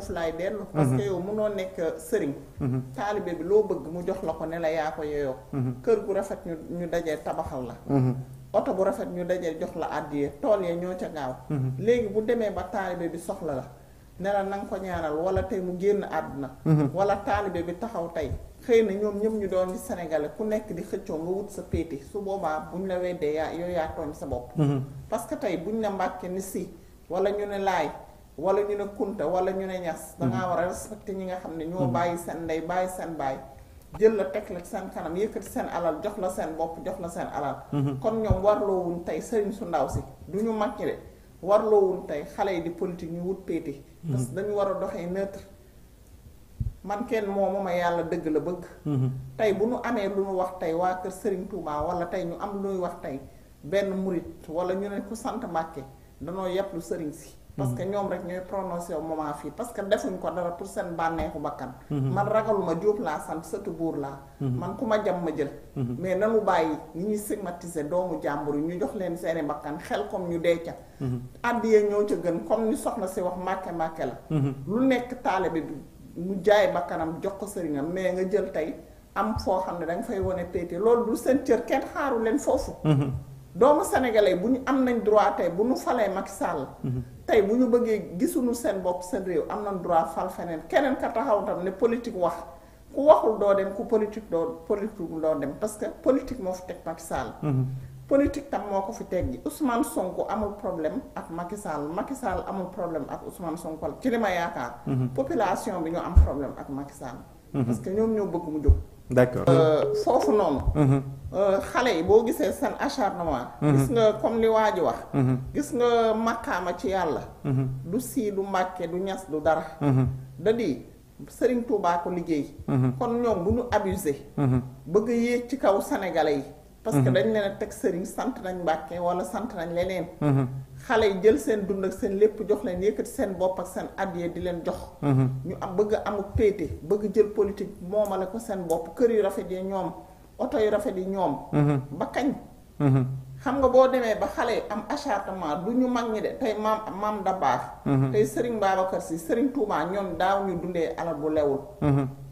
foofu laay dellu parce mhm. yow mënoo nekk euh, sëriñ mhm. taalibe bi loo bëgg mu jox la ko ne la yaa ko yeyoo mhm. kër gu rafet ñu ñu dajee tabaxal la oto bu rafet ñu dajee jox la àddiyee tool ya ñoo ca gaaw léegi bu demee ba taalibe bi soxla la ne la nanga ko ñaanal wala tey mu génn àdduna wala taalibe bi taxaw tey xëy na ñoom ñëpp ñu doon di sénégalais ku nekk di xëccoo nga wut sa péete su boobaa buñ la weddee yaa yow yaa sa bopp parce que tey buñ la mbàkke ni si wala ñu ne laay wala ñu ne kunta wala ñu ne ñas mm. dangaa war a respecté ñi nga xam ne ñoo mm. bàyyi seen ndey bàyyi seen bàyyi jël la teg la seen kanam yëkkati seen alal jox la seen bopp jox la seen alal mm-hmm. kon ñoom warloowuñ tey sëriñ su ndaw si du ñu mag ñi de warloowuñ tey xale yi di politique ñu wut péete mm-hmm. parce dañu war a doxee neutre man kenn moomu ma yàlla dëgg la bëgg mm-hmm. tey bu nu amee lu nu wax tey waa kër sëriñ Touba wala tey ñu am lu wax tey benn murit wala ñu ku sant Mbàkke danoo yàpp lu sëriñ si parce que mhm. ñoom rek ñooy prononcé moment fii parce que defuñ ko dara pour seen bànneexu bakkan mhm. man ragaluma Jóob laa sant sëtu buur laa mhm. man ku ma jam ma jël mais na nanu bàyyi ñi ñuy stigmatiser doomu jàmbur yi ñu jox leen seeni bakkan xel comme ñu dee ca àddiyee ñoo ca gën comme ni soxna si wax màkke màkke la lu nekk taale bi mu jaay bakkanam jox ko sëriñam mais nga jël tey am foo xam ne danga fay wone péete loolu du seen cër kenn xaaru leen foofu doomu sénégalais bu ñu am nañ droit tey bu ñu falee Macky Sall. Mhm. tey bu ñu bëggee gisuñu seen bopp seen réew am nañ droit fal feneen keneen ka taxaw tam ne politique wax ku waxul doo dem ku politique doo politique doo dem parce que politique moo fi teg Macky Sall. Mhm. politique tam moo ko fi teggi Ousmane Sonko amul problème ak Macky Sall Macky Sall amul problème ak Ousmane Sonko ci li ma yaakaar. Mhm. population bi ñu am problème ak Macky Sall. parce que ñoom ñoo bëgg mu jóg. d'accord euh, foofu noonu. Mhm. Euh, xale yi boo gisee seen acharnement. Mhm. gis nga comme li waa ji wax. Mhm. gis nga makkaama ci yàlla. du sii du mbàkke du ñas du dara. da di Serigne Touba ko liggéey. kon ñoom bu ñu abusé. bëgg yéeg ci kaw sénégalais yi. parce que dañ leen a teg Serigne sant nañ mbàkke wala sant nañ leneen. xale yi jël seen dund ak seen lépp jox leen yëkkati seen bopp ak seen addiya di leen jox. Mhm. ñu am bëgg amuk péete bëgg jël politique moomale ko seen bopp kër yu rafet yi ñoom oto yu rafet yi ñoom. Mhm. ba kañ. Mhm. xam nga boo demee ba xale yi am acharnement du ñu mag ñi de tey maam maam da baax tey Serigne Babacar si Serigne Touba ñoom daaw ñu dundee alal bu lewul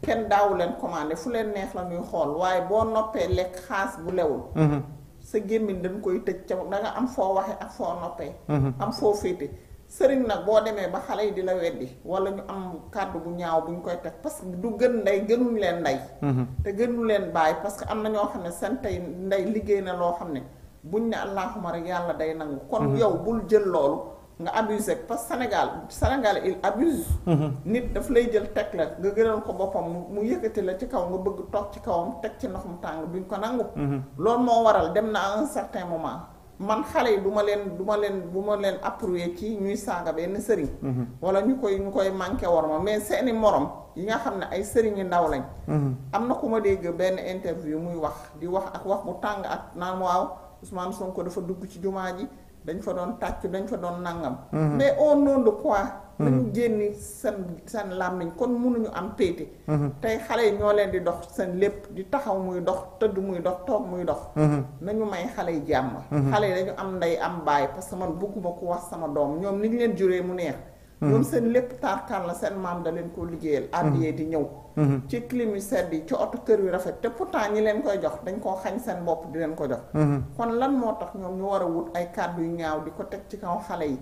kenn daawu leen commandé fu leen neex la ñuy xool waaye boo noppee lekk xaas bu lewul sa gémmiñ dañ koy tëj ca da nga am foo waxe ak foo noppee mhm. am foo féete sëriñ nag boo demee ba xale yi di la weddi wala ñu am kàddu bu ñaaw bu ñu koy teg parce que du gën ndey gënuñ leen ndey mhm. te gënu leen bàyyi parce que am na ñoo xam ne seen tey ndey liggéey na loo xam ne buñ ne allahuma rek yàlla day nangu kon mhm. yow bul jël loolu nga abusé parce que Sénégal Sénégal il abuse. Mhm. nit dafa lay jël teg la nga gënal ko boppam mu yëkkati la ci kaw nga bëgg toog ci kawam teg ci ndox mu tàng duñ ko nangu. Mhm. loolu moo waral dem na à moment man xale yi du ma leen du ma leen du ma leen approuvé ci ñuy saaga benn sëriñ. Mhm. wala ñu koy ñu koy manqué war ma mais seeni morom yi xam ne ay sëriñu ndaw lañ. am na ku ma dégg benn interview muy wax di wax ak wax bu tàng ak naan waaw Ousmane Sonko dafa dugg ci jumaa ji. dañ fa doon tàcc dañ fa doon nangam. Mhm. mais au nom de quoi. Mhm. nañu génni seen seen làmmiñ kon mënuñu am péete. Mhm. tey xale yi ñoo leen di dox seen lépp di taxaw muy dox tëdd muy dox toog muy dox. nañu may xale yi jàmm. xale yi dañu am ndey am baay parce que man bëgguma ku wax sama doom ñoom ni ñu leen juree mu neex. ñoom seen lépp taarkal la seen maam da leen koo liggéeyal mm-hmm. addiyee di ñëw mm-hmm. ci clim yu sedd yi ci oto kër yu rafet te pourtant ñi leen koy jox dañ koo xañ seen bopp di leen ko jox mm-hmm. kon lan moo tax ñoom ñu war a wut ay kàddu yu ñaaw di ko teg ci kaw xale yi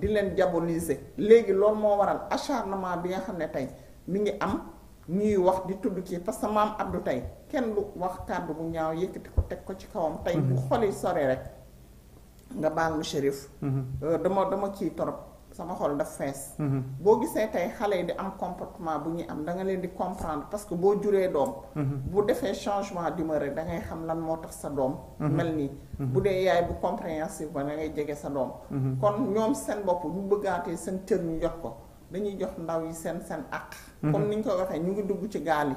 di leen diaboliser léegi loolu moo waral acharnement bi nga xam ne tey mi ngi am ñuy wax di tudd kii parce que maam Abdou tey kenn du wax kàddu bu ñaaw yëkkati ko teg ko ci kawam tey bu xoli sore rek nga baal mu euh, dama dama kii sama xol daf fees. Mhm. boo gisee tey xale yi di am comportement bu ñuy am da nga leen di comprendre parce que boo juree doom. Mhm. bu defee changement d'humeur rek da ngay xam lan moo tax sa doom. Mhm. mel nii bu dee yaay bu compréhensive ba da ngay jege sa doom. kon ñoom seen bopp bu bëggaatee seen cër ñu jox ko dañuy jox ndaw yi seen seen àq. comme ni ñu ko waxee ñu ngi dugg ci gaal yi.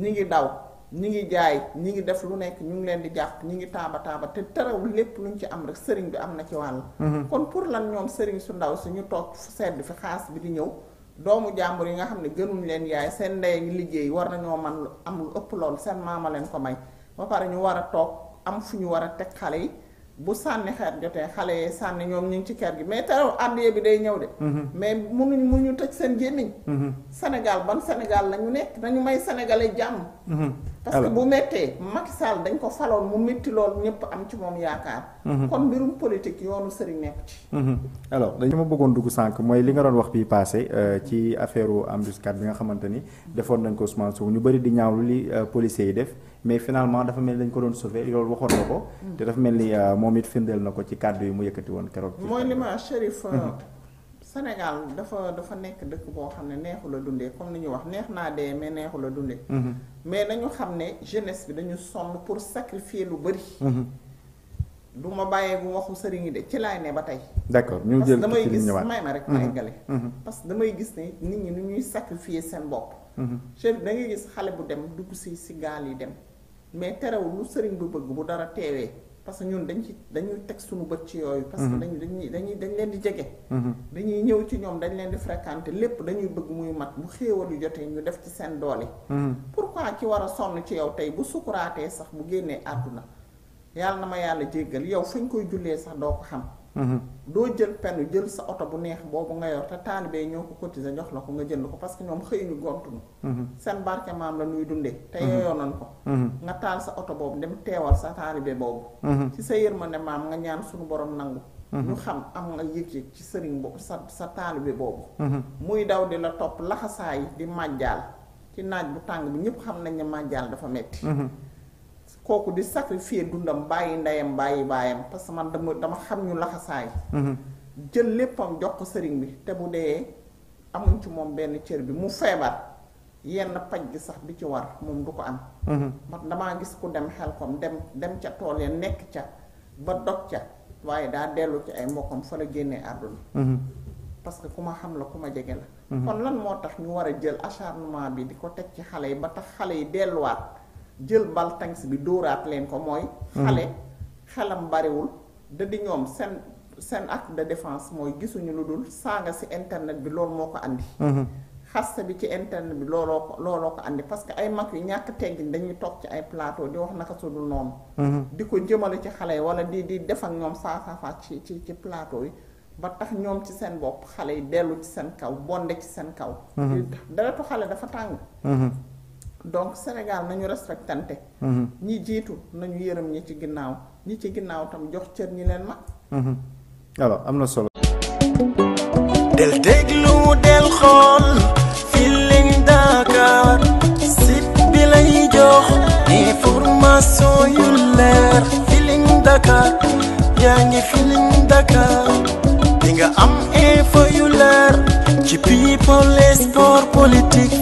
ñu ngi daw. ñi ngi jaay ñi ngi def lu nekk ñu ngi leen di jàpp ñi ngi taaba taaba te terewul lépp ñu ci am rek sëriñ bi am na ci wàll. Mhm. kon pour lan ñoom sëriñ su ndaw si ñu toog sedd fi xaas bi di ñëw doomu jàmbur yi nga xam ne gënuñ leen yaay seen ndey ngi liggéey war nañoo man am lu ëpp lool seen maama leen ko may boo pare ñu war a toog am fu ñu war a teg xale yi bu sànni xeet jotee xale yee sànni ñoom ñu ngi ci ker gi mais terew àndiye bi day ñëw de mhm. mais munuñ mu ñu tëj seen gémmiñ mhm. Sénégal ban Sénégal la nekk nañu may sénégalais jàmm parce que bu méttee Macky Sall dañ ko faloon mu métti lool ñëpp am ci moom yaakaar. Mhm. kon mbirum politique yoonu sëriñ nekk ci. Mhm. alors dañu ma bëggoon dugg sànq mooy li nga doon wax bii passé euh, ci affaire embuscade bi nga xamante ni defoon nañ ko Ousmane Sonko ñu bëri di ñaawlu li euh, policiers yi def mais finalement dafa mel ni dañ ko doon sauver loolu waxoon na ko. Mhm. te dafa mel ni euh, moom it firndeel na ko ci kàddu yi mu yëkkati woon keroog. mooy li ma Sénégal dafa dafa nekk dëkk boo xam ne neexu la dundee comme ni ñu wax neex naa dee mais neexu la dundee. Mm-hmm. mais nañu xam ne jeunesse bi dañu sonn pour sacrifier lu bëri. Mm-hmm. du ma bàyyee bu waxu sëriñ yi de ci laay ne ba tey. d'accord ñu jël damay gis may ma rek mm-hmm. may gale. parce que damay gis ne nit ñi nu ñuy sacrifier seen bopp. chef da ngay gis xale bu dem dugg si si gaal yi dem mais terewul lu sëriñ bu bëgg bu dara teewee. parce que ñun dañu ci dañuy teg suñu bët ci yooyu. parce que mhm. dañu dañuy dañuy dañ leen di jege. Mhm. dañuy ñëw ci ñoom dañ leen di fréquenter lépp dañuy bëgg muy mat bu xéewalu jotee ñu def ci seen doole. Mhm. pourquoi ki war a sonn ci yow tey bu sukuraatee sax bu génnee àdduna yàlla na ma yàlla jéggal yow fuñ koy jullee sax doo ko xam. Mm-hmm. doo jël penn jël sa oto bu neex boobu nga yor te taalibee ñoo ko cotiser jox la ko nga jënd ko parce que ñoom xëyuñu gontuñu mm-hmm. seen barke maam la nuy dundee te yeyoo mm-hmm. nañ ko nga taal sa oto boobu dem teewal sa taalibe boobu ci sa yërmande maam nga ñaan suñu borom nangu ñu xam am nga yëg-yëg ci sëriñ boobu sa sa taalibe boobu muy daw di la topp laxasaay di màjjaal ci naaj bu tàng bi ñëpp xam nañ ne màjjaal dafa metti kooku di sacrifier dundam bàyyi ndeyam bàyyi baayam parce que man dama dama xam ñu laxasaay mhm. jël léppam jox ko sëriñ bi te bu dee amuñ ci moom benn cër bi mu feebar yenn paj gi sax bi ci war moom du ko am mhm. man damaa gis ku dem xel kom dem dem ca tool ya nekk ca ba dog ca waaye daa dellu ci ay mbokkam fa la génnee àdduna mhm. parce que ku ma xam la ku ma jege la kon lan moo tax ñu war a jël acharnement bi di ko teg ci xale yi ba tax xale yi delluwaat jël bal tanks bi dóoraat leen ko mooy. Hmm. xale xelam bariwul da di ñoom seen seen acte de defence mooy gisuñu lu dul saaga si internet bi loolu moo ko andi. Hmm. xasta bi ci internet bi looloo ko looloo ko andi parce que ay mag yu ñàkk teggin dañuy toog ci ay plateau di wax naka su dul noonu. Hmm. di ko jëmale ci xale yi wala di di def ak ñoom saa saafaafaat ci ci ci plateau yi. ba tax ñoom ci seen bopp xale yi dellu ci seen kaw bonde ci seen kaw. deretu xale dafa tàng. donc Sénégal nañu respectante mhm. ñi jiitu nañu yërëm ñi ci ginnaaw ñi ci ginnaaw tam jox cër ñi leen mag mhm. alors am na solo del déglu del xool Feeling Dakar site lay jox information yu leer Feeling Dakar yaa ngi Feeling Dakar di nga am info yu leer ci people sport politique